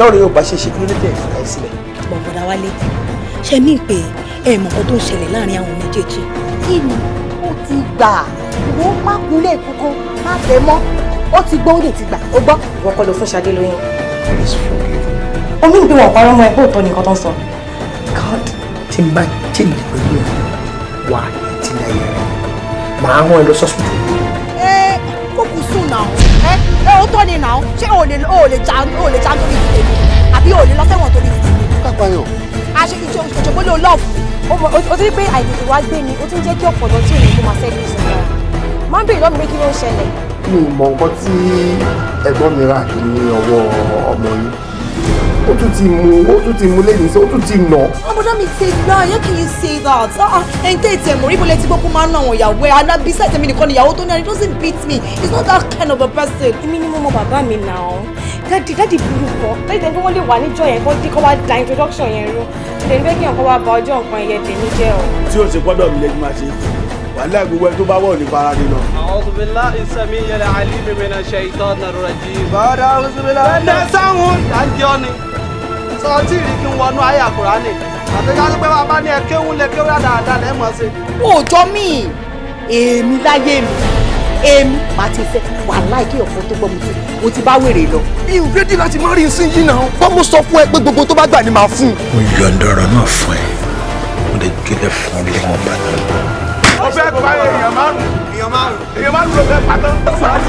táwọn èèyàn bá ṣe ṣe kí ló dé tẹ̀ ẹ̀ka ẹ̀ sílẹ̀. bọ̀bọ̀dà wálé ṣe mí pé ẹ mọ̀ nǹkan tó ń ṣẹlẹ̀ láàrin àwọn méjèèjì. kí ni ó ti gbà ìwọ má kúnlẹ̀ kókó má fẹ́ mọ́ ó ti gbọ́ ó lè ti gbà ó gbọ́. ìwọ kọ́ ló fún Ṣadé lóyún. omi ń bí wọn parọ́ mọ́ ẹgbẹ́ òtọ́ nìkan tó ń sọ. God ti ń bá change pẹ̀lú ẹ̀ wà ti ní ayẹyẹ rẹ̀ màá rán ẹ lọ sọ́sùn. ẹ kókò s ni nà ó ṣé o lè o lè jà o lè jà nítorí ìdílé mi àbí o lè lọ fẹ́wọ̀n torí ìdílé mi. kápá yàn. aṣọ ìjọ òṣèlú ló lọ́ọ̀fù o ti rí pé àìtètè wá gbé mi o ti ń jẹ́ kí ọ̀pọ̀lọ́ tí èmi kò máa sẹ́yìn ìṣòro máa ń bèèrè lọ́mọ pé kí ló ń ṣẹlẹ̀. mi ò mọ nǹkan tí ẹ̀gbọ́n mi rà ní ọwọ́ ọmọ yìí ó tún ti mú ó tún ti mú lẹ́yìn sí ó tún ti nà. ọmọdé mi ti gbà yẹ kí n ṣe that ah, ah, ẹni tẹ́ ìtẹ̀ mọ̀ ríbo létí gbogbo máa ń nà àwọn ìyàwó ẹ̀ aná bí sẹ́ẹ̀tẹ̀ mi nìkan ni ìyàwó tó ní and he doesn't beat me It's not that kind of a person. èmi ni mo mọ bàbá mi nà ọ́ dáàdì dáàdì burú kọ dáàdì dáàdì wọ́n lè wà níjọ́ yẹn kó dé kó wá da introduction yẹn rú dáàdì bẹ́ẹ̀ kí ọkọ wa ba ọjọ́ nǹkan ẹ̀yẹ tèmi jẹ́ o. tí o ṣe gbọ́dọ̀ mi lẹ́yìn wàhálà gbogbo ẹni tó bá wọ̀ ní fara nínú. a'udhu billahi as-sami'il 'alim minash shaitanir rajim. bàdà a'udhu billahi. ẹnẹ sáwọn ni sọ tí ì rí kí n wọnú àyà kùránì àti ká ló pé wàá bá ní ẹ kéwú lẹ kéwú dáadáa lẹ mọ̀ sí. òòjọ́ mi èmi láyé mi èmi bá ti fẹ́ wàhálà kí ọ̀fọ́ tó gbọ́ mi sí mo ti bá wèrè lọ. mi ò rédí láti má rí nsín yìí náà wọ́n sọ fún ẹ pé gbogbo tó bá gbà ni màá fún. mo yọ̀ǹda ọ̀rọ̀ náà fún ẹ mo lè gbé ẹ fún ọlọ́wọ́n bàtà ọbẹ̀ pa èèyàn márùn-ún èèyàn márùn-ún ló fẹ́ pa tán.